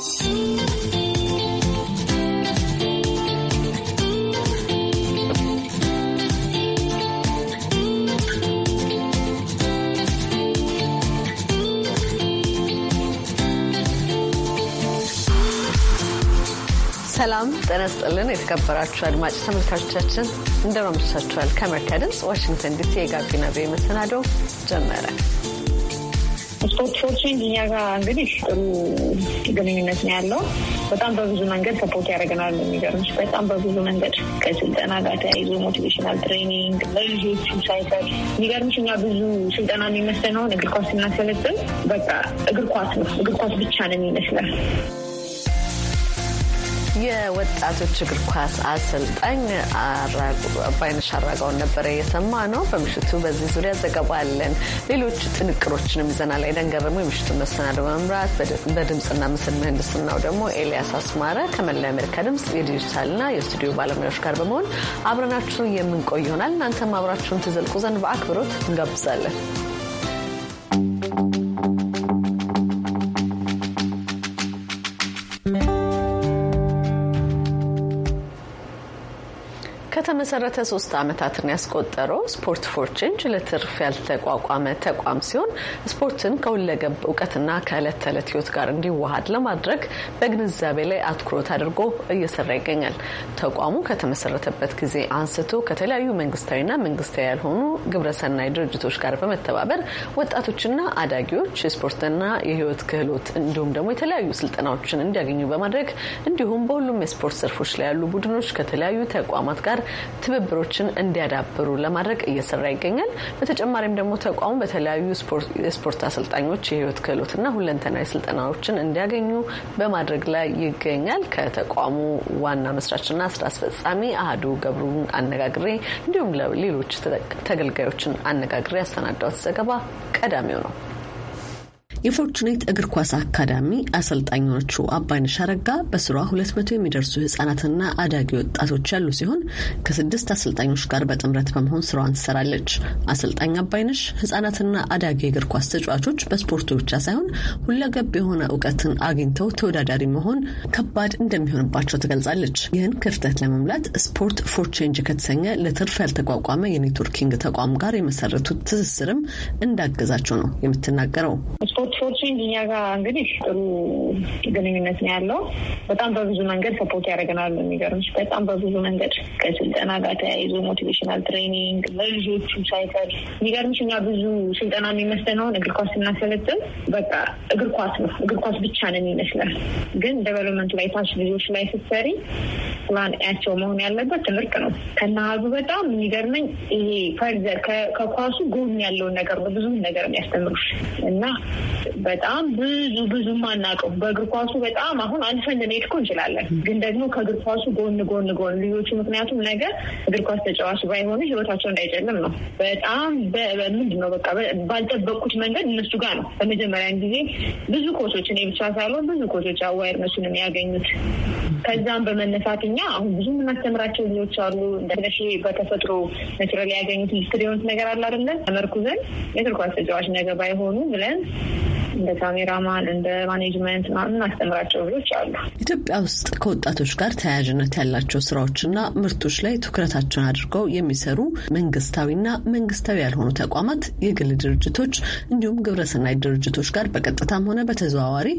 ሰላም ጤና ይስጥልን። የተከበራችሁ አድማጭ ተመልካቾቻችን እንደምን አመሻችኋል? ከአሜሪካ ድምፅ ዋሽንግተን ዲሲ የጋቢና ቤ መሰናዶ ጀመረ። ስፖርት ሾርች እኛ ጋር እንግዲህ ጥሩ ግንኙነት ነው ያለው። በጣም በብዙ መንገድ ሰፖርት ያደርገናል። የሚገርምሽ በጣም በብዙ መንገድ ከስልጠና ጋር ተያይዞ ሞቲቬሽናል ትሬኒንግ ለልጆቹ ሳይቀር የሚገርምሽ እኛ ብዙ ስልጠና የሚመስለን አሁን እግር ኳስ ስናሰለጥን በቃ እግር ኳስ ነው እግር ኳስ ብቻ ነው የሚመስለን የወጣቶች እግር ኳስ አሰልጣኝ አባይነሽ አራጋውን ነበረ የሰማ ነው። በምሽቱ በዚህ ዙሪያ ዘገባ አለን። ሌሎች ጥንቅሮችንም ይዘናል። ኤደን ገረሙ የምሽቱን መሰናዶ በመምራት በድምፅና ምስል ምህንድስናው ደግሞ ኤልያስ አስማረ ከመላው አሜሪካ ድምፅ የዲጂታልና የስቱዲዮ ባለሙያዎች ጋር በመሆን አብረናችሁ የምንቆይ ይሆናል። እናንተም አብራችሁን ትዘልቁ ዘንድ በአክብሮት እንጋብዛለን። ከተመሰረተ ሶስት ዓመታትን ያስቆጠረው ስፖርት ፎር ቼንጅ ለትርፍ ያልተቋቋመ ተቋም ሲሆን ስፖርትን ከሁለገብ እውቀትና ከዕለት ተዕለት ህይወት ጋር እንዲዋሃድ ለማድረግ በግንዛቤ ላይ አትኩሮት አድርጎ እየሰራ ይገኛል። ተቋሙ ከተመሰረተበት ጊዜ አንስቶ ከተለያዩ መንግስታዊና መንግስታዊ ያልሆኑ ግብረሰናይ ድርጅቶች ጋር በመተባበር ወጣቶችና አዳጊዎች የስፖርትና የህይወት ክህሎት እንዲሁም ደግሞ የተለያዩ ስልጠናዎችን እንዲያገኙ በማድረግ እንዲሁም በሁሉም የስፖርት ዘርፎች ላይ ያሉ ቡድኖች ከተለያዩ ተቋማት ጋር ትብብሮችን እንዲያዳብሩ ለማድረግ እየሰራ ይገኛል። በተጨማሪም ደግሞ ተቋሙ በተለያዩ የስፖርት አሰልጣኞች የህይወት ክህሎትና ሁለንተናዊ ስልጠናዎችን እንዲያገኙ በማድረግ ላይ ይገኛል። ከተቋሙ ዋና መስራችና ስራ አስፈጻሚ አህዱ ገብሩን አነጋግሬ እንዲሁም ሌሎች ተገልጋዮችን አነጋግሬ ያሰናዳሁት ዘገባ ቀዳሚው ነው። የፎርቹኔት እግር ኳስ አካዳሚ አሰልጣኞቹ አባይነሽ አረጋ በስሯ 200 የሚደርሱ ህጻናትና አዳጊ ወጣቶች ያሉ ሲሆን ከስድስት አሰልጣኞች ጋር በጥምረት በመሆን ስራዋን ትሰራለች። አሰልጣኝ አባይነሽ ህጻናትና አዳጊ እግር ኳስ ተጫዋቾች በስፖርቱ ብቻ ሳይሆን ሁለገብ የሆነ እውቀትን አግኝተው ተወዳዳሪ መሆን ከባድ እንደሚሆንባቸው ትገልጻለች። ይህን ክፍተት ለመሙላት ስፖርት ፎር ቼንጅ ከተሰኘ ለትርፍ ያልተቋቋመ የኔትወርኪንግ ተቋም ጋር የመሰረቱት ትስስርም እንዳገዛቸው ነው የምትናገረው። ኮቾች እኛ ጋር እንግዲህ ጥሩ ግንኙነት ነው ያለው። በጣም በብዙ መንገድ ሰፖርት ያደርገናል። የሚገርምሽ በጣም በብዙ መንገድ ከስልጠና ጋር ተያይዞ ሞቲቬሽናል ትሬኒንግ ለልጆቹ ሳይፈር የሚገርምሽ እኛ ብዙ ስልጠና የሚመስለን እግር ኳስ ስናሰለጥን በቃ እግር ኳስ ነው እግር ኳስ ብቻ ነው የሚመስለን። ግን ዴቨሎፕመንት ላይ ታች ልጆች ላይ ስትሰሪ ማጥኛቸው መሆን ያለበት ትምህርት ነው። ከነሀጉ በጣም የሚገርመኝ ይሄ ፈርዘ ከኳሱ ጎን ያለውን ነገር ነው ብዙም ነገር የሚያስተምሩሽ እና በጣም ብዙ ብዙ ማናቀው በእግር ኳሱ በጣም አሁን አንፈንን ሄድኮ እንችላለን፣ ግን ደግሞ ከእግር ኳሱ ጎን ጎን ጎን ልጆቹ ምክንያቱም ነገር እግር ኳስ ተጫዋች ባይሆኑ ህይወታቸው እንዳይጨልም ነው። በጣም ምንድን ነው በቃ ባልጠበቅኩት መንገድ እነሱ ጋር ነው በመጀመሪያን ጊዜ ብዙ ኮቾች እኔ ብቻ ሳልሆን ብዙ ኮቾች አዋይርነሱን ያገኙት ከዛም በመነሳት አንደኛ አሁን ብዙ የምናስተምራቸው ልጆች አሉ። እንደነሽ በተፈጥሮ ናቹራል ያገኙት ኢንዱስትሪ የሆኑት ነገር አለ አይደለም ተመርኩዘን የእግር ኳስ ተጫዋች ነገ ባይሆኑ ብለን እንደ ካሜራማን እንደ ማኔጅመንት እናስተምራቸው ልጆች አሉ። ኢትዮጵያ ውስጥ ከወጣቶች ጋር ተያያዥነት ያላቸው ስራዎችና ምርቶች ላይ ትኩረታቸውን አድርገው የሚሰሩ መንግስታዊና መንግስታዊ ያልሆኑ ተቋማት፣ የግል ድርጅቶች እንዲሁም ግብረሰናይ ድርጅቶች ጋር በቀጥታም ሆነ በተዘዋዋሪ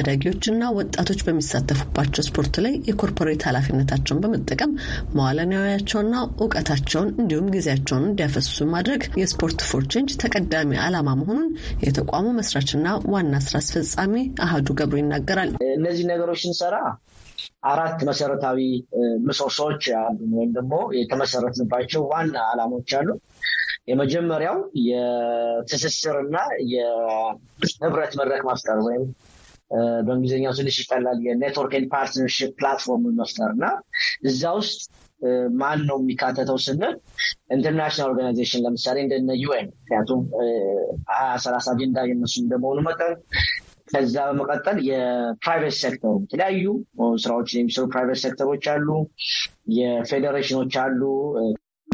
አዳጊዎችና ወጣቶች በሚሳተፉባቸው ስፖርት ላይ የኮርፖሬት ኃላፊነት ነፃነታቸውን በመጠቀም መዋለ እውቀታቸውን እንዲሁም ጊዜያቸውን እንዲያፈሱ ማድረግ የስፖርት ፎር ቼንጅ ተቀዳሚ ዓላማ መሆኑን የተቋሙ መስራችና ዋና ስራ አስፈጻሚ አህዱ ገብሩ ይናገራል። እነዚህ ነገሮች ስንሰራ አራት መሰረታዊ ምሰሶዎች አሉ፣ ወይም ደግሞ የተመሰረትንባቸው ዋና ዓላማዎች አሉ። የመጀመሪያው የትስስርና የህብረት መድረክ ማፍጠር ወይም በእንግሊዝኛው ትንሽ ይቀላል የኔትወርክ ኤንድ ፓርትነርሽፕ ፕላትፎርም መፍጠር እና እዛ ውስጥ ማን ነው የሚካተተው ስንል ኢንተርናሽናል ኦርጋናይዜሽን ለምሳሌ እንደነ ዩኤን ምክንያቱም ሀያ ሰላሳ አጀንዳ የነሱ እንደመሆኑ መጠን ከዛ በመቀጠል የፕራይቬት ሴክተሩ የተለያዩ ስራዎችን የሚሰሩ ፕራይቬት ሴክተሮች አሉ፣ የፌዴሬሽኖች አሉ።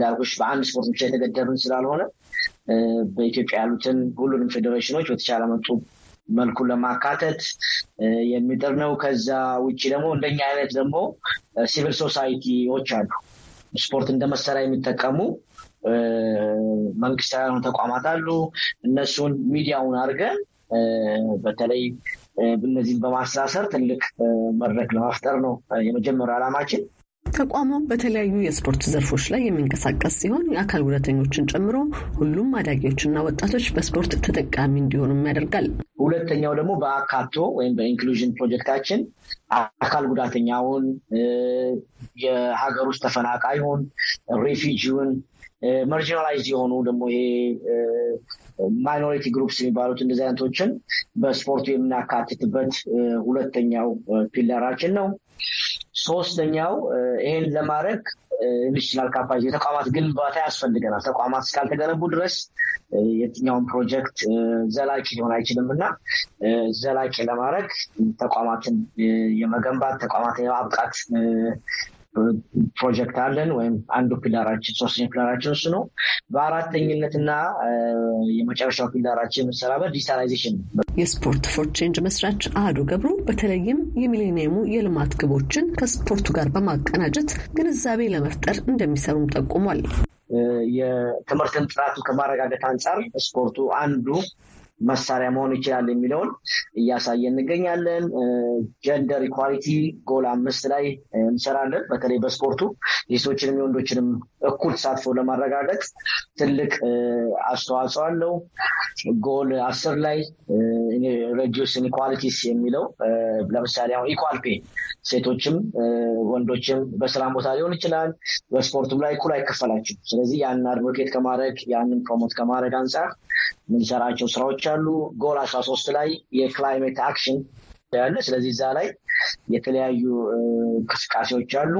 ዳርኮች በአንድ ስፖርት ብቻ የተገደብን ስላልሆነ በኢትዮጵያ ያሉትን ሁሉንም ፌዴሬሽኖች በተቻለ መጡ መልኩ ለማካተት የሚጥር ነው። ከዛ ውጭ ደግሞ እንደኛ አይነት ደግሞ ሲቪል ሶሳይቲዎች አሉ። ስፖርት እንደ መሳሪያ የሚጠቀሙ መንግስታዊ ያልሆኑ ተቋማት አሉ። እነሱን ሚዲያውን አድርገን በተለይ እነዚህን በማስተሳሰር ትልቅ መድረክ ለመፍጠር ነው የመጀመሪያ ዓላማችን። ተቋሙ በተለያዩ የስፖርት ዘርፎች ላይ የሚንቀሳቀስ ሲሆን የአካል ጉዳተኞችን ጨምሮ ሁሉም አዳጊዎችና ወጣቶች በስፖርት ተጠቃሚ እንዲሆኑም ያደርጋል። ሁለተኛው ደግሞ በአካቶ ወይም በኢንክሉዥን ፕሮጀክታችን አካል ጉዳተኛውን፣ የሀገር ውስጥ ተፈናቃዩን፣ ሬፊጂውን፣ መርጂናላይዝ የሆኑ ደግሞ ይሄ ማይኖሪቲ ግሩፕስ የሚባሉት እንደዚህ አይነቶችን በስፖርቱ የምናካትትበት ሁለተኛው ፒለራችን ነው። ሶስተኛው ይሄን ለማድረግ ኢንዱስትሪያል ካፓ የተቋማት ግንባታ ያስፈልገናል። ተቋማት እስካልተገነቡ ድረስ የትኛውን ፕሮጀክት ዘላቂ ሊሆን አይችልም እና ዘላቂ ለማድረግ ተቋማትን የመገንባት ተቋማትን የማብቃት ፕሮጀክት አለን ወይም አንዱ ፒላራችን ሶስተኛ ፒላራችን እሱ ነው። በአራተኝነትና የመጨረሻው ፒላራችን የምንሰራበት ዲጂታላይዜሽን ነው። የስፖርት ፎር ቼንጅ መስራች አህዱ ገብሩ በተለይም የሚሌኒየሙ የልማት ግቦችን ከስፖርቱ ጋር በማቀናጀት ግንዛቤ ለመፍጠር እንደሚሰሩም ጠቁሟል። የትምህርትን ጥራቱ ከማረጋገጥ አንጻር ስፖርቱ አንዱ መሳሪያ መሆን ይችላል የሚለውን እያሳየ እንገኛለን። ጀንደር ኢኳሊቲ ጎል አምስት ላይ እንሰራለን። በተለይ በስፖርቱ የሴቶችንም የወንዶችንም እኩል ተሳትፎ ለማረጋገጥ ትልቅ አስተዋጽኦ አለው። ጎል አስር ላይ ሬዲዩስ ኢንኳሊቲስ የሚለው ለምሳሌ አሁን ኢኳል ፔ ሴቶችም ወንዶችም በስራ ቦታ ሊሆን ይችላል፣ በስፖርቱም ላይ እኩል አይከፈላቸው። ስለዚህ ያንን አድቮኬት ከማድረግ ያንን ፕሮሞት ከማድረግ አንጻር የምንሰራቸው ስራዎች አሉ። ጎል አስራ ሶስት ላይ የክላይሜት አክሽን ያለ ስለዚህ እዛ ላይ የተለያዩ እንቅስቃሴዎች አሉ።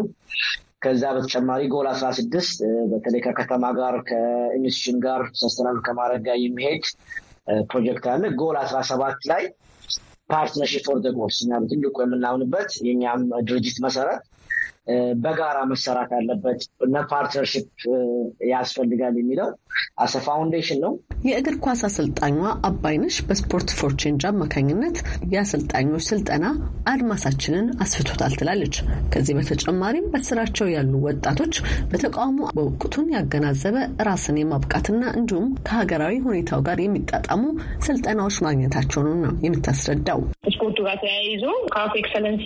ከዛ በተጨማሪ ጎል አስራ ስድስት በተለይ ከከተማ ጋር ከኢንስቲቱሽን ጋር ሰስተናል ከማድረግ ጋር የሚሄድ ፕሮጀክት አለ። ጎል አስራ ሰባት ላይ ፓርትነርሺፕ ፎር ዘ ትልቁ የምናምንበት የኛም ድርጅት መሰረት በጋራ መሰራት አለበት እና ፓርትነርሽፕ ያስፈልጋል የሚለው አሰ ፋውንዴሽን ነው። የእግር ኳስ አሰልጣኟ አባይነሽ በስፖርት ፎር ቼንጅ አማካኝነት የአሰልጣኞች ስልጠና አድማሳችንን አስፍቶታል ትላለች። ከዚህ በተጨማሪም በስራቸው ያሉ ወጣቶች በተቃውሞ ወቅቱን ያገናዘበ ራስን የማብቃትና እንዲሁም ከሀገራዊ ሁኔታው ጋር የሚጣጣሙ ስልጠናዎች ማግኘታቸውን ነው የምታስረዳው። ስፖርቱ ጋር ተያይዞ ካፍ ኤክሰለንሲ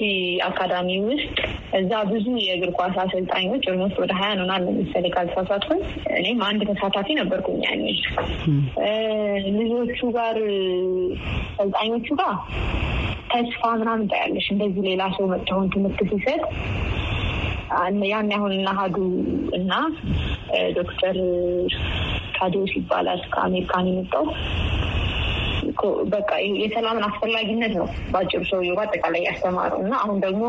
አካዳሚ ውስጥ እዛ ብዙ ብዙ የእግር ኳስ አሰልጣኞች ኦልሞስት ወደ ሀያ ነው እንሆናለን መሰለኝ ካልተሳሳትኩኝ። እኔም አንድ ተሳታፊ ነበርኩኝ ያኔ ልጆቹ ጋር አሰልጣኞቹ ጋር ተስፋ ምናምን ታያለሽ እንደዚህ ሌላ ሰው መጥተውን ትምህርት ሲሰጥ ያን ያሁን ናሀዱ እና ዶክተር ታዲዮስ ይባላል ከአሜሪካን የመጣው በቃ የሰላምን አስፈላጊነት ነው በአጭሩ ሰውዬው በአጠቃላይ ያስተማሩ እና አሁን ደግሞ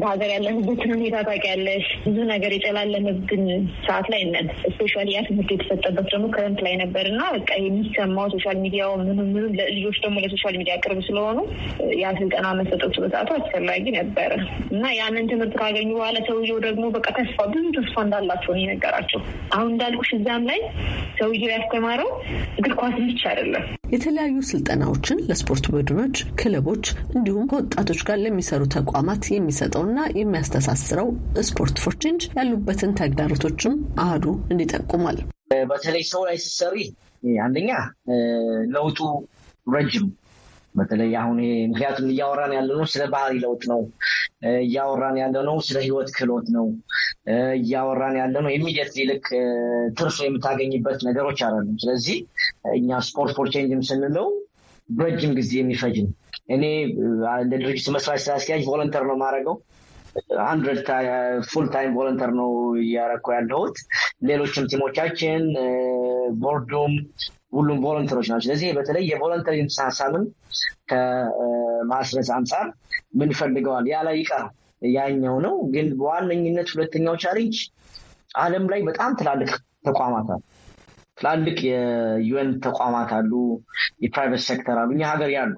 በሀገር ያለንበትን ሁኔታ ታውቂያለሽ። ብዙ ነገር የጨላለመብን ሰዓት ላይ ነን። ስፔሻሊ ያ ትምህርት የተሰጠበት ደግሞ ክረምት ላይ ነበር እና በቃ የሚሰማው ሶሻል ሚዲያው ምንም ምንም ለልጆች ደግሞ ለሶሻል ሚዲያ ቅርብ ስለሆኑ ያ ስልጠና መሰጠቱ በሰዓቱ አስፈላጊ ነበረ እና ያንን ትምህርት ካገኙ በኋላ ሰውየው ደግሞ በቃ ተስፋ ብዙ ተስፋ እንዳላቸው ነው የነገራቸው። አሁን እንዳልኩሽ እዛም ላይ ሰውየው ያስተማረው እግር ኳስ ብቻ አይደለም የተለያዩ ስልጠናዎችን ለስፖርት ቡድኖች፣ ክለቦች እንዲሁም ከወጣቶች ጋር ለሚሰሩ ተቋማት የሚሰጠውና የሚያስተሳስረው ስፖርት ፎር ቼንጅ ያሉበትን ተግዳሮቶችም አህዱ እንዲጠቁማል። በተለይ ሰው ላይ ሲሰሪ አንደኛ ለውጡ ረጅም በተለይ አሁን ምክንያቱም እያወራን ያለ ነው ስለ ባህሪ ለውጥ ነው፣ እያወራን ያለ ነው ስለ ህይወት ክህሎት ነው፣ እያወራን ያለ ነው ኢሚዲየት ይልቅ ትርፍ የምታገኝበት ነገሮች አላለም። ስለዚህ እኛ ስፖርት ፎር ቼንጅም ስንለው ረጅም ጊዜ የሚፈጅ ነው። እኔ እንደ ድርጅቱ መስራች ስራ አስኪያጅ ቮለንተር ነው የማደርገው። ሀንድረድ ፉል ታይም ቮለንተር ነው እያረኩ ያለሁት። ሌሎችም ቲሞቻችን፣ ቦርዱም ሁሉም ቮለንተሮች ናቸው። ስለዚህ በተለይ የቮለንተሪ ሀሳብን ከማስረጽ አንጻር ምን ፈልገዋል ላይ ይቀር ያኛው ነው። ግን በዋነኝነት ሁለተኛው ቻሌንጅ ዓለም ላይ በጣም ትላልቅ ተቋማት አሉ። ትላልቅ የዩኤን ተቋማት አሉ፣ የፕራይቬት ሴክተር አሉ፣ እኛ ሀገር ያሉ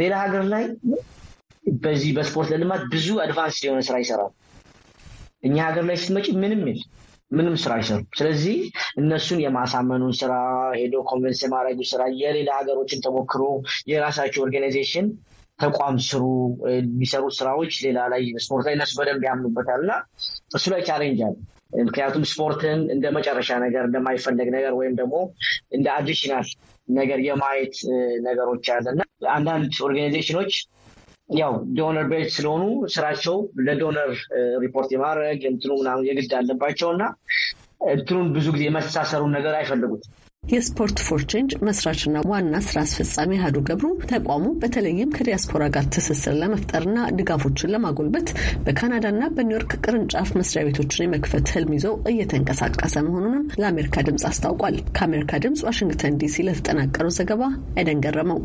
ሌላ ሀገር ላይ በዚህ በስፖርት ለልማት ብዙ አድቫንስ የሆነ ስራ ይሰራል። እኛ ሀገር ላይ ስትመጪ ምንም ይል ምንም ስራ አይሰሩ ስለዚህ እነሱን የማሳመኑን ስራ ሄዶ ኮንቨንስ የማድረጉ ስራ የሌላ ሀገሮችን ተሞክሮ የራሳቸው ኦርጋናይዜሽን ተቋም ስሩ የሚሰሩ ስራዎች ሌላ ላይ ስፖርት ላይ እነሱ በደንብ ያምኑበታል እና እሱ ላይ ቻሌንጅ አለ። ምክንያቱም ስፖርትን እንደ መጨረሻ ነገር እንደማይፈለግ ነገር ወይም ደግሞ እንደ አዲሽናል ነገር የማየት ነገሮች አለና አንዳንድ ኦርጋናይዜሽኖች ያው ዶነር ቤት ስለሆኑ ስራቸው ለዶነር ሪፖርት የማድረግ እንትኑ ምናምን የግድ አለባቸው እና እንትኑን ብዙ ጊዜ የመሳሰሩን ነገር አይፈልጉትም። የስፖርት ፎር ቼንጅ መስራችና ዋና ስራ አስፈጻሚ ሀዱ ገብሩ ተቋሙ በተለይም ከዲያስፖራ ጋር ትስስር ለመፍጠርና ድጋፎችን ለማጎልበት በካናዳና በኒውዮርክ ቅርንጫፍ መስሪያ ቤቶችን የመክፈት ህልም ይዘው እየተንቀሳቀሰ መሆኑንም ለአሜሪካ ድምፅ አስታውቋል። ከአሜሪካ ድምፅ ዋሽንግተን ዲሲ ለተጠናቀረው ዘገባ አይደን ገረመው።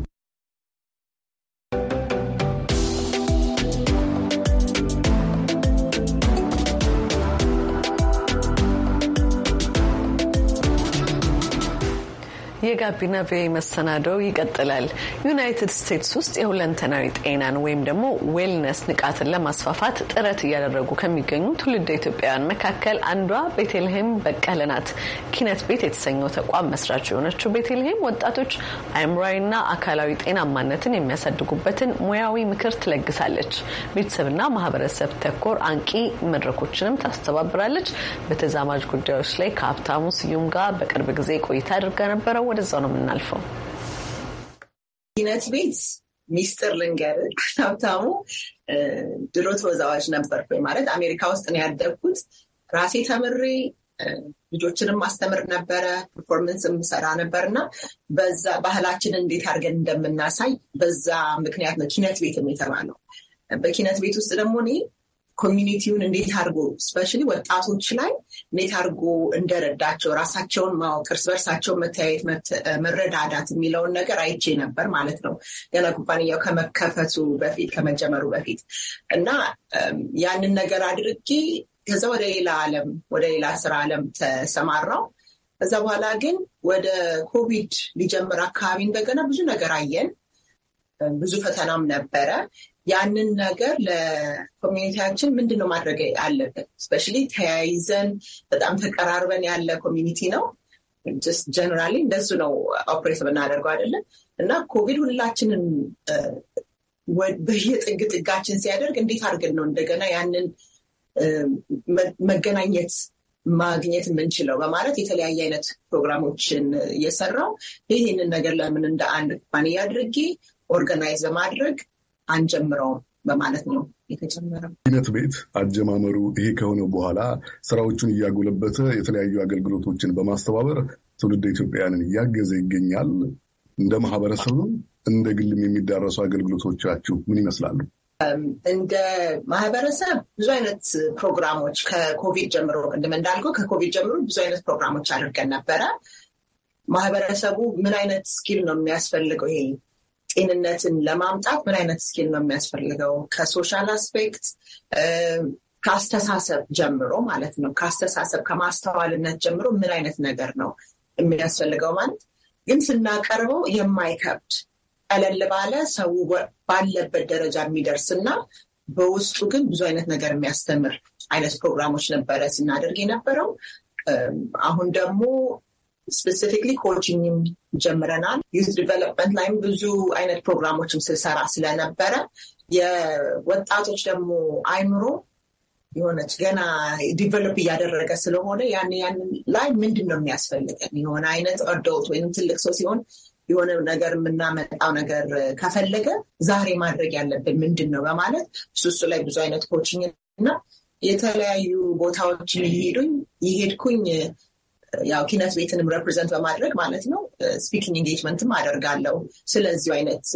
የጋቢና ቪኦኤ መሰናዶው ይቀጥላል። ዩናይትድ ስቴትስ ውስጥ የሁለንተናዊ ጤናን ወይም ደግሞ ዌልነስ ንቃትን ለማስፋፋት ጥረት እያደረጉ ከሚገኙ ትውልደ ኢትዮጵያውያን መካከል አንዷ ቤቴልሄም በቀለ ናት። ኪነት ቤት የተሰኘው ተቋም መስራች የሆነችው ቤቴልሄም ወጣቶች አእምሯዊና አካላዊ ጤናማነትን የሚያሳድጉበትን ሙያዊ ምክር ትለግሳለች። ቤተሰብና ማህበረሰብ ተኮር አንቂ መድረኮችንም ታስተባብራለች። በተዛማጅ ጉዳዮች ላይ ከሀብታሙ ስዩም ጋር በቅርብ ጊዜ ቆይታ አድርጋ ነበረው። ወደዛው ነው የምናልፈው። ኪነት ቤት ሚስጥር ልንገር፣ ሀብታሙ ድሮ ተወዛዋዥ ነበር ማለት አሜሪካ ውስጥ ነው ያደግኩት። ራሴ ተምሬ ልጆችንም ማስተምር ነበረ፣ ፐርፎርመንስ የምሰራ ነበር እና በዛ ባህላችን እንዴት አድርገን እንደምናሳይ በዛ ምክንያት ነው ኪነት ቤት የተባለው። በኪነት ቤት ውስጥ ደግሞ እኔ ኮሚኒቲውን እንዴት አድርጎ ስፔሻሊ ወጣቶች ላይ እንዴት አድርጎ እንደረዳቸው ራሳቸውን ማወቅ፣ እርስ በርሳቸው መተያየት፣ መረዳዳት የሚለውን ነገር አይቼ ነበር ማለት ነው ገና ኩባንያው ከመከፈቱ በፊት ከመጀመሩ በፊት እና ያንን ነገር አድርጌ ከዛ ወደ ሌላ ዓለም ወደ ሌላ ስራ ዓለም ተሰማራው። ከዛ በኋላ ግን ወደ ኮቪድ ሊጀምር አካባቢ እንደገና ብዙ ነገር አየን። ብዙ ፈተናም ነበረ። ያንን ነገር ለኮሚኒቲያችን ምንድን ነው ማድረግ አለብን? እስፔሻሊ ተያይዘን በጣም ተቀራርበን ያለ ኮሚኒቲ ነው። ጀነራሊ እንደሱ ነው ኦፕሬት ብናደርገው አይደለም እና ኮቪድ ሁላችንን በየጥግ ጥጋችን ሲያደርግ እንዴት አድርገን ነው እንደገና ያንን መገናኘት ማግኘት የምንችለው በማለት የተለያየ አይነት ፕሮግራሞችን እየሰራው ይህንን ነገር ለምን እንደ አንድ ኩባንያ አድርጌ ኦርጋናይዝ በማድረግ አንጀምረውም በማለት ነው የተጀመረው። ሂነት ቤት አጀማመሩ ይሄ ከሆነ በኋላ ስራዎቹን እያጎለበተ የተለያዩ አገልግሎቶችን በማስተባበር ትውልድ ኢትዮጵያውያንን እያገዘ ይገኛል። እንደ ማህበረሰብም እንደ ግልም የሚዳረሱ አገልግሎቶቻችሁ ምን ይመስላሉ? እንደ ማህበረሰብ ብዙ አይነት ፕሮግራሞች ከኮቪድ ጀምሮ ቅድም እንዳልከው ከኮቪድ ጀምሮ ብዙ አይነት ፕሮግራሞች አድርገን ነበረ። ማህበረሰቡ ምን አይነት ስኪል ነው የሚያስፈልገው ይሄ ጤንነትን ለማምጣት ምን አይነት ስኪል ነው የሚያስፈልገው? ከሶሻል አስፔክት ከአስተሳሰብ ጀምሮ ማለት ነው። ከአስተሳሰብ ከማስተዋልነት ጀምሮ ምን አይነት ነገር ነው የሚያስፈልገው? ማለት ግን ስናቀርበው የማይከብድ ቀለል ባለ ሰው ባለበት ደረጃ የሚደርስ እና በውስጡ ግን ብዙ አይነት ነገር የሚያስተምር አይነት ፕሮግራሞች ነበረ ስናደርግ የነበረው። አሁን ደግሞ ስፔሲፊክሊ ኮችኝ ጀምረናል። ዩዝ ዲቨሎፕመንት ላይም ብዙ አይነት ፕሮግራሞችም ስሰራ ስለነበረ የወጣቶች ደግሞ አይምሮ የሆነች ገና ዲቨሎፕ እያደረገ ስለሆነ ያን ያን ላይ ምንድን ነው የሚያስፈልገን የሆነ አይነት አዶልት ወይም ትልቅ ሰው ሲሆን የሆነ ነገር የምናመጣው ነገር ከፈለገ ዛሬ ማድረግ ያለብን ምንድን ነው በማለት እሱ እሱ ላይ ብዙ አይነት ኮችኝ እና የተለያዩ ቦታዎችን ይሄዱኝ ይሄድኩኝ ያው ኪነት ቤትንም ሬፕሬዘንት በማድረግ ማለት ነው ስፒኪንግ ኢንጌጅመንትም አደርጋለሁ። ስለዚሁ አይነት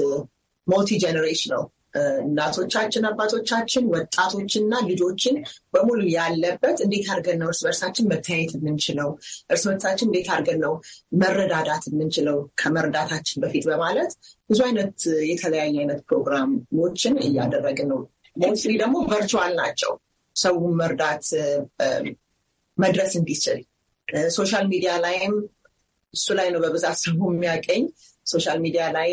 ሞልቲ ጀኔሬሽናል እናቶቻችን፣ አባቶቻችን፣ ወጣቶችና ልጆችን በሙሉ ያለበት እንዴት አድርገን ነው እርስ በርሳችን መተያየት የምንችለው፣ እርስ በርሳችን እንዴት አድርገን ነው መረዳዳት የምንችለው ከመረዳታችን በፊት በማለት ብዙ አይነት የተለያየ አይነት ፕሮግራሞችን እያደረግን ነው። ሞስሊ ደግሞ ቨርቹዋል ናቸው ሰውን መርዳት መድረስ እንዲችል ሶሻል ሚዲያ ላይም እሱ ላይ ነው በብዛት ሰው የሚያገኝ። ሶሻል ሚዲያ ላይ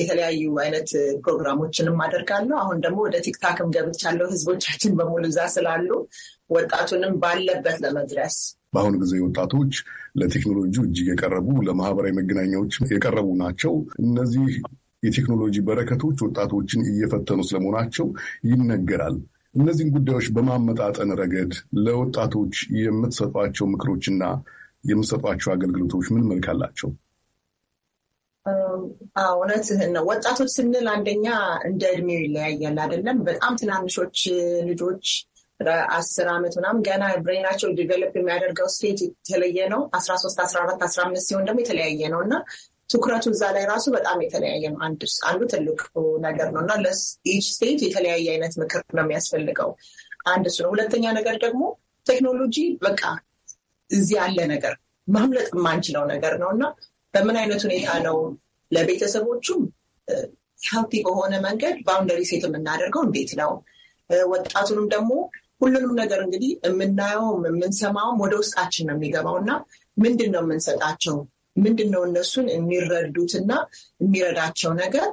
የተለያዩ አይነት ፕሮግራሞችንም አደርጋለሁ። አሁን ደግሞ ወደ ቲክታክም ገብቻለሁ። ህዝቦቻችን በሙሉ እዛ ስላሉ ወጣቱንም ባለበት ለመድረስ በአሁኑ ጊዜ ወጣቶች ለቴክኖሎጂ እጅግ የቀረቡ ለማህበራዊ መገናኛዎች የቀረቡ ናቸው። እነዚህ የቴክኖሎጂ በረከቶች ወጣቶችን እየፈተኑ ስለመሆናቸው ይነገራል። እነዚህን ጉዳዮች በማመጣጠን ረገድ ለወጣቶች የምትሰጧቸው ምክሮችና የምትሰጧቸው አገልግሎቶች ምን መልክ አላቸው? እውነትህን ነው። ወጣቶች ስንል አንደኛ እንደ እድሜው ይለያያል አይደለም። በጣም ትናንሾች ልጆች አስር ዓመት ምናምን ገና ብሬናቸው ዲቨሎፕ የሚያደርገው ስቴጅ የተለየ ነው። አስራ ሶስት አስራ አራት አስራ አምስት ሲሆን ደግሞ የተለያየ ነው እና ትኩረቱ እዛ ላይ ራሱ በጣም የተለያየ ነው። አንዱ ትልቁ ነገር ነው እና ለኢች ስቴጅ የተለያየ አይነት ምክር ነው የሚያስፈልገው። አንድ እሱ ነው። ሁለተኛ ነገር ደግሞ ቴክኖሎጂ በቃ እዚህ ያለ ነገር ማምለጥ የማንችለው ነገር ነው እና በምን አይነት ሁኔታ ነው ለቤተሰቦቹም ሄልቲ በሆነ መንገድ ባውንደሪ ሴት የምናደርገው እንዴት ነው? ወጣቱንም ደግሞ ሁሉንም ነገር እንግዲህ የምናየውም የምንሰማውም ወደ ውስጣችን ነው የሚገባው እና ምንድን ነው የምንሰጣቸው ምንድን ነው እነሱን የሚረዱትና የሚረዳቸው ነገር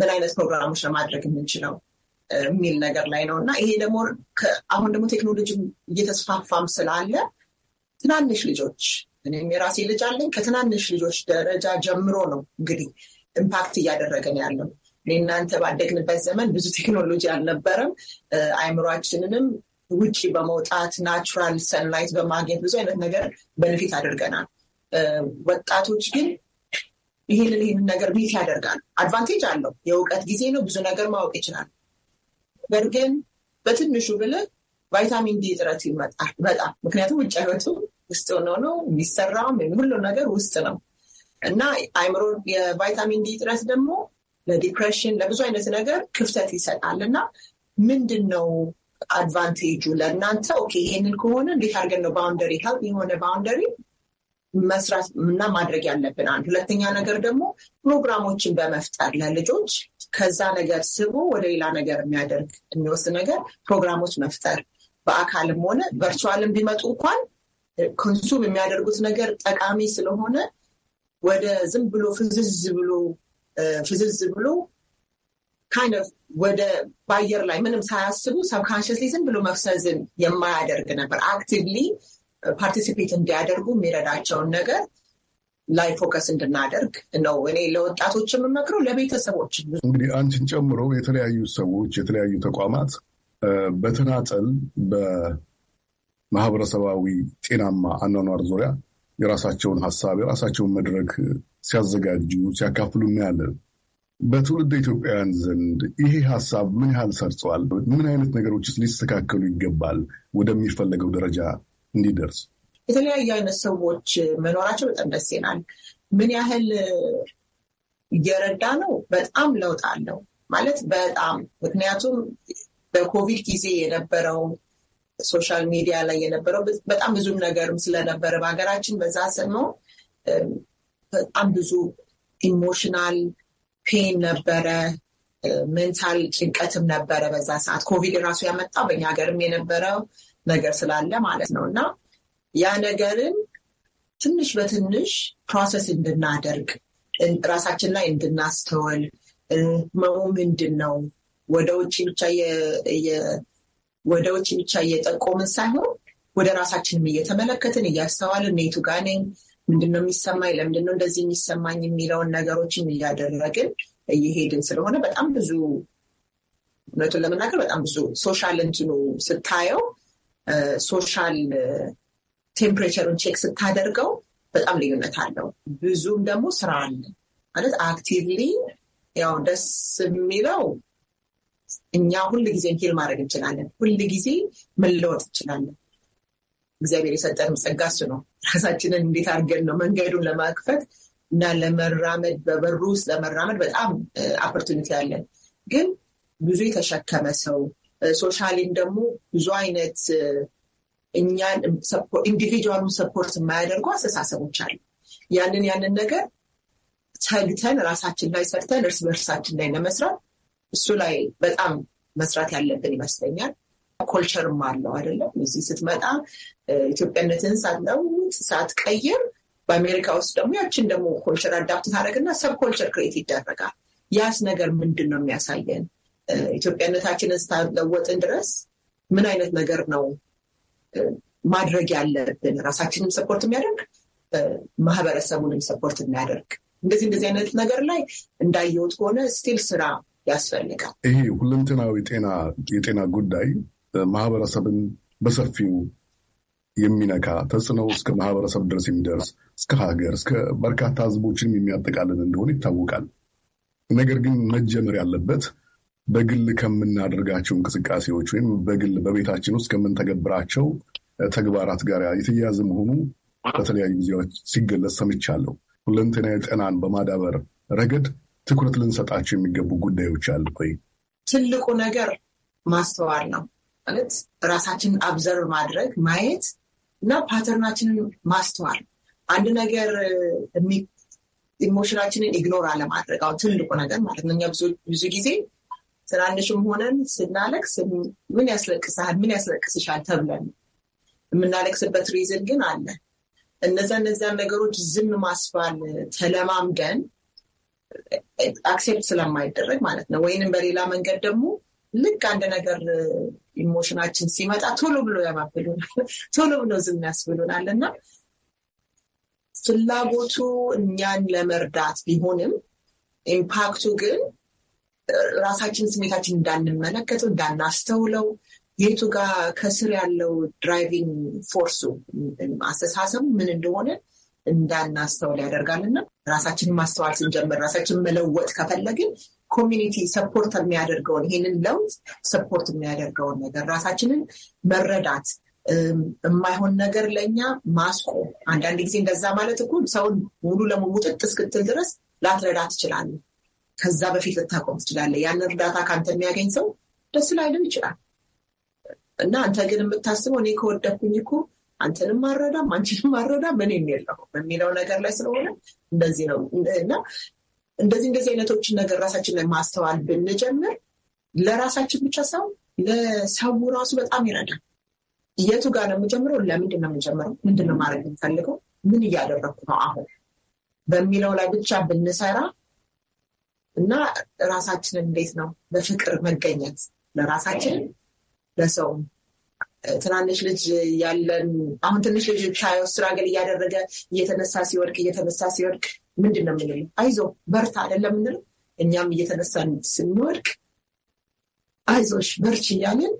ምን አይነት ፕሮግራሞች ለማድረግ የምንችለው የሚል ነገር ላይ ነው እና ይሄ ደግሞ አሁን ደግሞ ቴክኖሎጂ እየተስፋፋም ስላለ ትናንሽ ልጆች እኔም የራሴ ልጅ አለኝ። ከትናንሽ ልጆች ደረጃ ጀምሮ ነው እንግዲህ ኢምፓክት እያደረገን ያለው። እናንተ ባደግንበት ዘመን ብዙ ቴክኖሎጂ አልነበረም። አይምሯችንንም ውጭ በመውጣት ናቹራል ሰንላይት በማግኘት ብዙ አይነት ነገር በንፊት አድርገናል። ወጣቶች ግን ይሄንን ይሄንን ነገር ቤት ያደርጋል። አድቫንቴጅ አለው። የእውቀት ጊዜ ነው። ብዙ ነገር ማወቅ ይችላል። ነገር ግን በትንሹ ብለ ቫይታሚን ዲ እጥረት ይመጣል በጣም ምክንያቱም ውጭ ህይወቱ ውስጥ ነው ነው የሚሰራም ሁሉ ነገር ውስጥ ነው እና አይምሮ የቫይታሚን ዲ እጥረት ደግሞ ለዲፕሬሽን ለብዙ አይነት ነገር ክፍተት ይሰጣል እና ምንድን ነው አድቫንቴጁ ለእናንተ? ኦኬ ይሄንን ከሆነ እንዴት አድርገን ነው ባውንደሪ ሄልዝ የሆነ ባውንደሪ መስራት እና ማድረግ ያለብን አንድ። ሁለተኛ ነገር ደግሞ ፕሮግራሞችን በመፍጠር ለልጆች ከዛ ነገር ስቦ ወደ ሌላ ነገር የሚያደርግ የሚወስድ ነገር ፕሮግራሞች መፍጠር በአካልም ሆነ ቨርቹዋልም ቢመጡ እንኳን ኮንሱም የሚያደርጉት ነገር ጠቃሚ ስለሆነ ወደ ዝም ብሎ ፍዝዝ ብሎ ፍዝዝ ብሎ ካይን ወደ በአየር ላይ ምንም ሳያስቡ ሰብካንሽስሊ ዝም ብሎ መፍሰዝን የማያደርግ ነበር አክቲቭሊ ፓርቲሲፔት እንዲያደርጉ የሚረዳቸውን ነገር ላይ ፎከስ እንድናደርግ ነው። እኔ ለወጣቶች የምመክረው ለቤተሰቦች እንግዲህ አንቺን ጨምሮ የተለያዩ ሰዎች የተለያዩ ተቋማት በተናጠል በማህበረሰባዊ ጤናማ አኗኗር ዙሪያ የራሳቸውን ሀሳብ የራሳቸውን መድረክ ሲያዘጋጁ ሲያካፍሉ እናያለን። በትውልድ ኢትዮጵያውያን ዘንድ ይሄ ሀሳብ ምን ያህል ሰርጸዋል? ምን አይነት ነገሮችስ ሊስተካከሉ ይገባል? ወደሚፈለገው ደረጃ እንዲደርስ የተለያዩ አይነት ሰዎች መኖራቸው በጣም ደስ ይላል። ምን ያህል እየረዳ ነው? በጣም ለውጥ አለው ማለት በጣም ምክንያቱም በኮቪድ ጊዜ የነበረው ሶሻል ሚዲያ ላይ የነበረው በጣም ብዙም ነገርም ስለነበረ በሀገራችን በዛ ሰሞን በጣም ብዙ ኢሞሽናል ፔን ነበረ፣ ሜንታል ጭንቀትም ነበረ በዛ ሰዓት ኮቪድ ራሱ ያመጣው በእኛ ሀገርም የነበረው ነገር ስላለ ማለት ነው እና ያ ነገርን ትንሽ በትንሽ ፕሮሰስ እንድናደርግ ራሳችን ላይ እንድናስተወል መሙ ምንድን ነው ወደ ውጭ ብቻ ወደ ውጭ ብቻ እየጠቆምን ሳይሆን ወደ ራሳችንም እየተመለከትን እያስተዋልን ኔቱ ጋር ነኝ፣ ምንድነው የሚሰማኝ፣ ለምንድነው እንደዚህ የሚሰማኝ የሚለውን ነገሮችን እያደረግን እየሄድን ስለሆነ በጣም ብዙ እውነቱን ለመናገር በጣም ብዙ ሶሻል እንትኑ ስታየው ሶሻል ቴምፕሬቸሩን ቼክ ስታደርገው በጣም ልዩነት አለው። ብዙም ደግሞ ስራ አለ ማለት አክቲቭሊ ያው ደስ የሚለው እኛ ሁል ጊዜ ሂል ማድረግ እንችላለን። ሁል ጊዜ መለወጥ እንችላለን። እግዚአብሔር የሰጠንም ጸጋ እሱ ነው። ራሳችንን እንዴት አድርገን ነው መንገዱን ለማክፈት እና ለመራመድ በበሩ ውስጥ ለመራመድ በጣም አፖርቱኒቲ አለን። ግን ብዙ የተሸከመ ሰው ሶሻሊም ደግሞ ብዙ አይነት እኛን ኢንዲቪጁዋሉን ሰፖርት የማያደርጉ አስተሳሰቦች አሉ። ያንን ያንን ነገር ተግተን ራሳችን ላይ ሰርተን እርስ በእርሳችን ላይ ለመስራት እሱ ላይ በጣም መስራት ያለብን ይመስለኛል። ኮልቸርም አለው አይደለም። እዚህ ስትመጣ ኢትዮጵያነትን ሳትለውጥ ሳትቀይር፣ በአሜሪካ ውስጥ ደግሞ ያችን ደግሞ ኮልቸር አዳፕት ታደረግና ሰብኮልቸር ኮልቸር ክሬት ይደረጋል። ያስ ነገር ምንድን ነው የሚያሳየን ኢትዮጵያነታችንን ስታለወጥን ድረስ ምን አይነት ነገር ነው ማድረግ ያለብን? ራሳችንም ሰፖርት የሚያደርግ ማህበረሰቡንም ሰፖርት የሚያደርግ እንደዚህ እንደዚህ አይነት ነገር ላይ እንዳየሁት ከሆነ ስቲል ስራ ያስፈልጋል። ይሄ ሁለንተናዊ ጤና የጤና ጉዳይ ማህበረሰብን በሰፊው የሚነካ ተጽዕኖ እስከ ማህበረሰብ ድረስ የሚደርስ እስከ ሀገር እስከ በርካታ ህዝቦችን የሚያጠቃልል እንደሆነ ይታወቃል። ነገር ግን መጀመር ያለበት በግል ከምናደርጋቸው እንቅስቃሴዎች ወይም በግል በቤታችን ውስጥ ከምንተገብራቸው ተግባራት ጋር የተያያዘ መሆኑ በተለያዩ ጊዜዎች ሲገለጽ ሰምቻለሁ። ሁለንተናዊ ጤናን በማዳበር ረገድ ትኩረት ልንሰጣቸው የሚገቡ ጉዳዮች አሉ ወይ? ትልቁ ነገር ማስተዋል ነው ማለት ራሳችንን አብዘርቭ ማድረግ ማየት እና ፓተርናችንን ማስተዋል አንድ ነገር ኢሞሽናችንን ኢግኖር አለማድረግ አሁን ትልቁ ነገር ማለት ነው። እኛ ብዙ ጊዜ ትናንሽም ሆነን ስናለቅስ ምን ያስለቅስሃል፣ ምን ያስለቅስሻል ተብለን የምናለቅስበት ሪዝን ግን አለ። እነዛ እነዚያን ነገሮች ዝም ማስባል ተለማምደን አክሴፕት ስለማይደረግ ማለት ነው። ወይንም በሌላ መንገድ ደግሞ ልክ አንድ ነገር ኢሞሽናችን ሲመጣ ቶሎ ብሎ ያባብሉናል፣ ቶሎ ብሎ ዝም ያስብሉናል እና ፍላጎቱ እኛን ለመርዳት ቢሆንም ኢምፓክቱ ግን ራሳችን ስሜታችን እንዳንመለከተው እንዳናስተውለው የቱ ጋር ከስር ያለው ድራይቪንግ ፎርሱ አስተሳሰቡ ምን እንደሆነ እንዳናስተውል ያደርጋልና ራሳችንን ማስተዋል ስንጀምር ራሳችን መለወጥ ከፈለግን ኮሚኒቲ ሰፖርት የሚያደርገውን ይሄንን ለውጥ ሰፖርት የሚያደርገውን ነገር ራሳችንን መረዳት የማይሆን ነገር ለእኛ ማስቆም አንዳንድ ጊዜ እንደዛ ማለት እኮ ሰውን ሙሉ ለሙሉ ጥጥ እስክትል ድረስ ላትረዳ ትችላለህ። ከዛ በፊት ልታቆም ትችላለህ። ያን እርዳታ ከአንተ የሚያገኝ ሰው ደስ ላይልም ይችላል እና አንተ ግን የምታስበው እኔ ከወደኩኝ እኮ አንተንም ማረዳ አንቺንም ማረዳ እኔም የለሁም በሚለው ነገር ላይ ስለሆነ እንደዚህ ነው እና እንደዚህ እንደዚህ አይነቶችን ነገር ራሳችን ላይ ማስተዋል ብንጀምር ለራሳችን ብቻ ሰው ለሰው ራሱ በጣም ይረዳል። የቱ ጋር ነው የምጀምረው? ለምንድን ነው የምጀምረው? ምንድን ነው ማድረግ የምፈልገው? ምን እያደረግኩ ነው አሁን በሚለው ላይ ብቻ ብንሰራ እና ራሳችንን እንዴት ነው በፍቅር መገኘት ለራሳችን ለሰውም ትናንሽ ልጅ ያለን አሁን ትንሽ ልጅ ሻይ ስትራግል እያደረገ እየተነሳ ሲወድቅ እየተነሳ ሲወድቅ ምንድን ነው የምንለው? አይዞ በርታ አይደለም የምንለው። እኛም እየተነሳን ስንወድቅ አይዞሽ በርች እያለን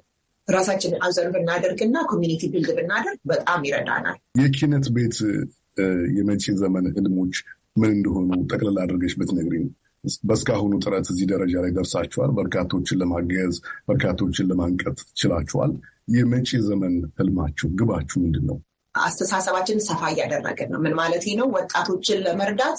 ራሳችንን አብዘር ብናደርግና ኮሚኒቲ ቢልድ ብናደርግ በጣም ይረዳናል። የኪነት ቤት የመቼ ዘመን ህልሞች ምን እንደሆኑ ጠቅላላ አድርገሽ ብትነግሪኝ ነው። በእስካሁኑ ጥረት እዚህ ደረጃ ላይ ደርሳችኋል። በርካቶችን ለማገዝ በርካቶችን ለማንቀጥ ችላችኋል። የመጪ ዘመን ህልማችሁ ግባችሁ ምንድን ነው? አስተሳሰባችን ሰፋ እያደረግን ነው። ምን ማለት ነው? ወጣቶችን ለመርዳት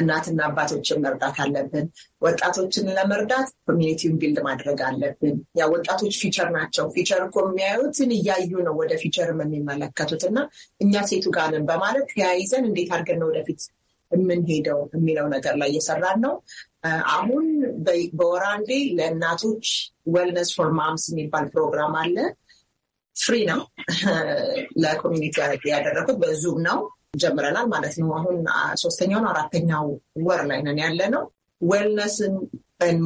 እናትና አባቶችን መርዳት አለብን። ወጣቶችን ለመርዳት ኮሚኒቲውን ቢልድ ማድረግ አለብን። ያ ወጣቶች ፊቸር ናቸው። ፊቸር እኮ የሚያዩትን እያዩ ነው ወደ ፊቸርም የሚመለከቱት እና እኛ ሴቱ ጋር ነን በማለት ተያይዘን እንዴት አድርገን ነው ወደፊት የምንሄደው የሚለው ነገር ላይ እየሰራን ነው። አሁን በወራንዴ ለእናቶች ዌልነስ ፎር ማምስ የሚባል ፕሮግራም አለ። ፍሪ ነው። ለኮሚኒቲ ያደረኩት በዙም ነው ጀምረናል ማለት ነው። አሁን ሶስተኛውን አራተኛው ወር ላይ ነን ያለ ነው። ዌልነስን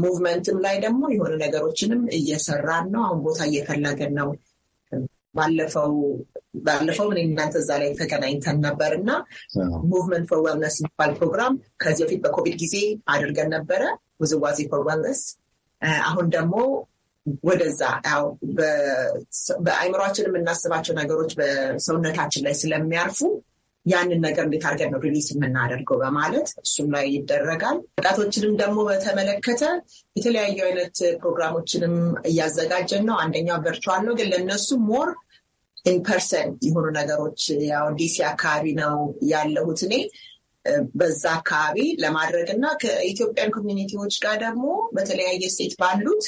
ሙቭመንትም ላይ ደግሞ የሆነ ነገሮችንም እየሰራን ነው። አሁን ቦታ እየፈለገን ነው። ባለፈው ባለፈው እኔ እናንተ እዛ ላይ ተገናኝተን ነበር እና ሙቭመንት ፎር ዌልነስ የሚባል ፕሮግራም ከዚህ በፊት በኮቪድ ጊዜ አድርገን ነበረ፣ ውዝዋዜ ፎር ዌልነስ። አሁን ደግሞ ወደዛ ያው በአይምሯችን የምናስባቸው ነገሮች በሰውነታችን ላይ ስለሚያርፉ ያንን ነገር እንዴት አድርገን ነው ሪሊስ የምናደርገው በማለት እሱም ላይ ይደረጋል። ወጣቶችንም ደግሞ በተመለከተ የተለያዩ አይነት ፕሮግራሞችንም እያዘጋጀን ነው። አንደኛው ቨርቹዋል ነው፣ ግን ለእነሱ ሞር ኢንፐርሰን የሆኑ ነገሮች ያው ዲሲ አካባቢ ነው ያለሁት እኔ በዛ አካባቢ ለማድረግ እና ከኢትዮጵያን ኮሚኒቲዎች ጋር ደግሞ በተለያየ ስቴት ባሉት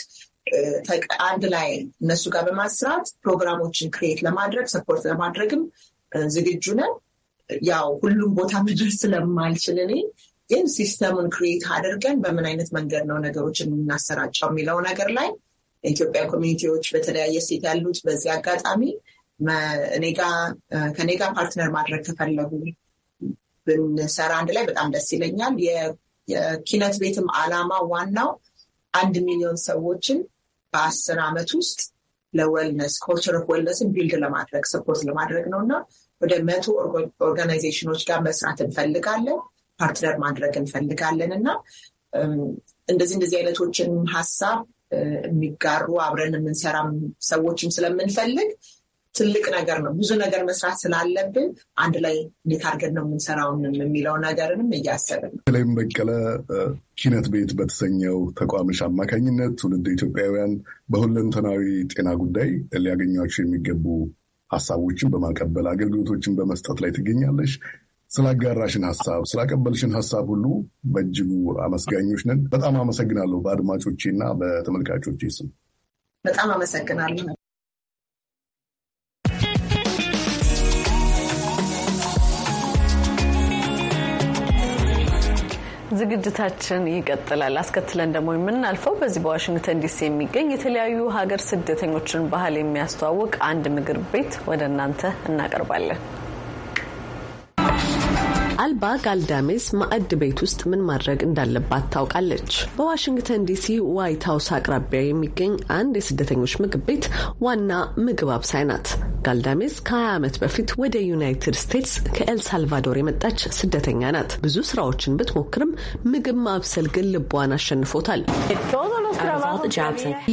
አንድ ላይ እነሱ ጋር በማስራት ፕሮግራሞችን ክሬት ለማድረግ ሰፖርት ለማድረግም ዝግጁ ነን። ያው ሁሉም ቦታ መድረስ ስለማልችል እኔ ግን ሲስተሙን ክሬት አድርገን በምን አይነት መንገድ ነው ነገሮችን የምናሰራጨው የሚለው ነገር ላይ ኢትዮጵያ ኮሚኒቲዎች በተለያየ ስቴት ያሉት በዚህ አጋጣሚ ከኔ ከኔጋ ፓርትነር ማድረግ ከፈለጉ ብንሰራ አንድ ላይ በጣም ደስ ይለኛል። የኪነት ቤትም አላማ ዋናው አንድ ሚሊዮን ሰዎችን በአስር ዓመት ውስጥ ለወልነስ ኮልቸር ኦፍ ወልነስን ቢልድ ለማድረግ ሰፖርት ለማድረግ ነው እና ወደ መቶ ኦርጋናይዜሽኖች ጋር መስራት እንፈልጋለን፣ ፓርትነር ማድረግ እንፈልጋለን እና እንደዚህ እንደዚህ አይነቶችን ሀሳብ የሚጋሩ አብረን የምንሰራም ሰዎችም ስለምንፈልግ ትልቅ ነገር ነው። ብዙ ነገር መስራት ስላለብን አንድ ላይ እንዴት አድርገን ነው የምንሰራውን የሚለው ነገርንም እያሰብን ነው። በተለይም በቀለ ኪነት ቤት በተሰኘው ተቋምሽ አማካኝነት ትውልድ ኢትዮጵያውያን በሁለንተናዊ ጤና ጉዳይ ሊያገኟቸው የሚገቡ ሀሳቦችን በማቀበል አገልግሎቶችን በመስጠት ላይ ትገኛለሽ። ስላጋራሽን ሀሳብ ስላቀበልሽን ሀሳብ ሁሉ በእጅጉ አመስጋኞች ነን። በጣም አመሰግናለሁ በአድማጮቼ እና በተመልካቾቼ ስም በጣም አመሰግናለሁ። ዝግጅታችን ይቀጥላል። አስከትለን ደግሞ የምናልፈው በዚህ በዋሽንግተን ዲሲ የሚገኝ የተለያዩ ሀገር ስደተኞችን ባህል የሚያስተዋውቅ አንድ ምግብ ቤት ወደ እናንተ እናቀርባለን። አልባ ጋልዳሜስ ማዕድ ቤት ውስጥ ምን ማድረግ እንዳለባት ታውቃለች። በዋሽንግተን ዲሲ ዋይት ሀውስ አቅራቢያ የሚገኝ አንድ የስደተኞች ምግብ ቤት ዋና ምግብ አብሳይ ናት። ጋልዳሜስ ከ20 ዓመት በፊት ወደ ዩናይትድ ስቴትስ ከኤልሳልቫዶር የመጣች ስደተኛ ናት። ብዙ ስራዎችን ብትሞክርም ምግብ ማብሰል ግን ልቧን አሸንፎታል።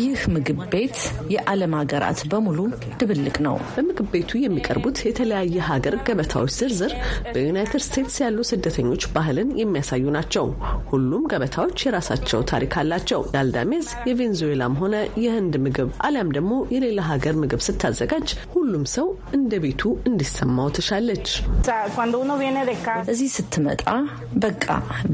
ይህ ምግብ ቤት የዓለም ሀገራት በሙሉ ድብልቅ ነው። በምግብ ቤቱ የሚቀርቡት የተለያየ ሀገር ገበታዎች ዝርዝር በዩናይትድ ስቴትስ በግብፅ ያሉ ስደተኞች ባህልን የሚያሳዩ ናቸው። ሁሉም ገበታዎች የራሳቸው ታሪክ አላቸው። ዳልዳሜዝ የቬንዙዌላም ሆነ የህንድ ምግብ አሊያም ደግሞ የሌላ ሀገር ምግብ ስታዘጋጅ ሁሉም ሰው እንደ ቤቱ እንዲሰማው ትሻለች። እዚህ ስትመጣ በቃ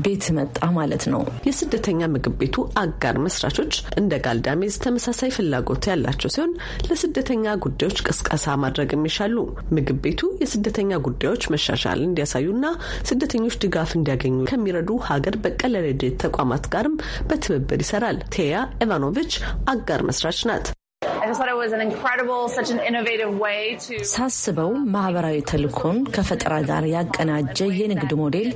ቤት መጣ ማለት ነው። የስደተኛ ምግብ ቤቱ አጋር መስራቾች እንደ ጋልዳሜዝ ተመሳሳይ ፍላጎት ያላቸው ሲሆን ለስደተኛ ጉዳዮች ቅስቀሳ ማድረግ የሚሻሉ ምግብ ቤቱ የስደተኛ ጉዳዮች መሻሻል እንዲያሳዩና ስደተኞች ድጋፍ እንዲያገኙ ከሚረዱ ሀገር በቀል ረድኤት ተቋማት ጋርም በትብብር ይሰራል። ቴያ ኢቫኖቪች አጋር መስራች ናት። ሳስበው ማህበራዊ ተልኮን ከፈጠራ ጋር ያቀናጀ የንግድ ሞዴል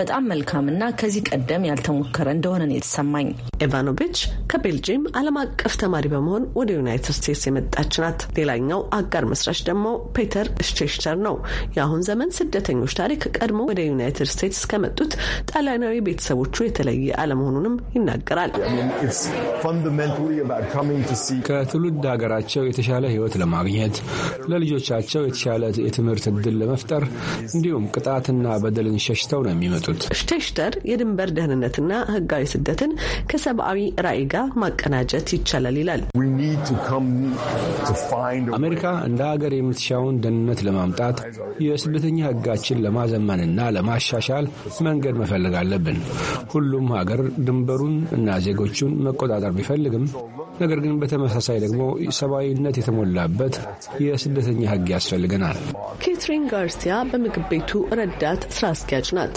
በጣም መልካምና ከዚህ ቀደም ያልተሞከረ እንደሆነ ነው የተሰማኝ። ኢቫኖቪች ከቤልጅየም ዓለም አቀፍ ተማሪ በመሆን ወደ ዩናይትድ ስቴትስ የመጣች ናት። ሌላኛው አጋር መስራች ደግሞ ፔተር ሽቼስተር ነው። የአሁን ዘመን ስደተኞች ታሪክ ቀድሞ ወደ ዩናይትድ ስቴትስ ከመጡት ጣሊያናዊ ቤተሰቦቹ የተለየ አለመሆኑንም ይናገራል። ከትውልድ ሀገራቸው የተሻለ ህይወት ለማግኘት ለልጆቻቸው የተሻለ የትምህርት እድል ለመፍጠር እንዲሁም ቅጣትና በደልን ሸሽተው ነው የሚመጡት። ሽተሽተር የድንበር ደህንነትና ህጋዊ ስደትን ከሰብአዊ ራዕይ ጋር ማቀናጀት ይቻላል ይላል። አሜሪካ እንደ ሀገር የምትሻውን ደህንነት ለማምጣት የስደተኛ ህጋችን ለማዘመንና ለማሻሻል መንገድ መፈለግ አለብን። ሁሉም ሀገር ድንበሩን እና ዜጎቹን መቆጣጠር ቢፈልግም ነገር ግን በተመሳሳይ ደግሞ ሰብአዊነት የተሞላበት የስደተኛ ህግ ያስፈልገናል። ኬትሪን ጋርሲያ በምግብ ቤቱ ረዳት ስራ አስኪያጅ ናት።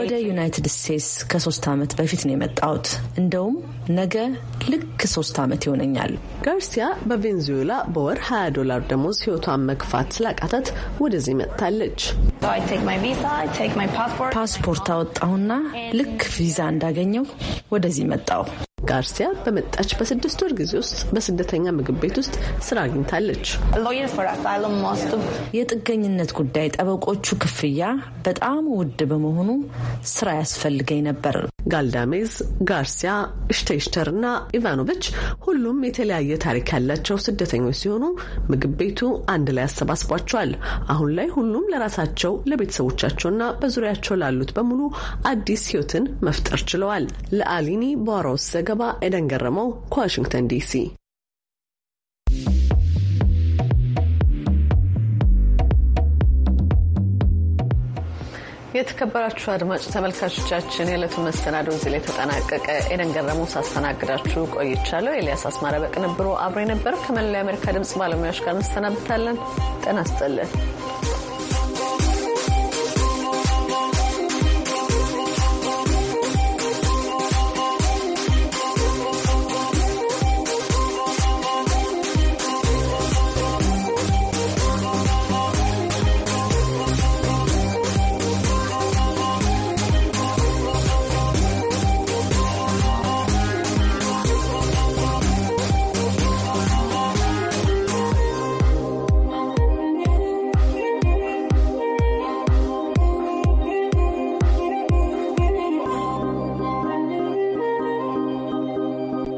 ወደ ዩናይትድ ስቴትስ ከሶስት ዓመት በፊት ነው የመጣሁት። እንደውም ነገ ልክ ሶስት ዓመት ይሆነኛል። ጋርሲያ በቬንዙዌላ በወር 20 ዶላር ደሞዝ ህይወቷን መግፋት ስላቃተት ወደዚህ መጥታለች። ፓስፖርት አወጣሁና ልክ ቪዛ እንዳገኘው ወደዚህ መጣው። ጋርሲያ በመጣች በስድስት ወር ጊዜ ውስጥ በስደተኛ ምግብ ቤት ውስጥ ስራ አግኝታለች። የጥገኝነት ጉዳይ ጠበቆቹ ክፍያ በጣም ውድ በመሆኑ ስራ ያስፈልገኝ ነበር። ጋልዳሜዝ ጋርሲያ እሽተ ሼሽተር እና ኢቫኖቪች ሁሉም የተለያየ ታሪክ ያላቸው ስደተኞች ሲሆኑ ምግብ ቤቱ አንድ ላይ አሰባስቧቸዋል። አሁን ላይ ሁሉም ለራሳቸው ለቤተሰቦቻቸውና በዙሪያቸው ላሉት በሙሉ አዲስ ህይወትን መፍጠር ችለዋል። ለአሊኒ ቧሮስ ዘገባ ኤደን ገረመው ከዋሽንግተን ዲሲ የተከበራችሁ አድማጭ ተመልካቾቻችን የዕለቱ መሰናዶ እዚህ ላይ ተጠናቀቀ። ኤደን ገረመው ሳስተናግዳችሁ ቆይቻለሁ። ኤልያስ አስማረ በቅንብሮ አብሮ ነበር። ከመላው የአሜሪካ ድምፅ ባለሙያዎች ጋር እንሰናብታለን። ጤና ይስጥልን።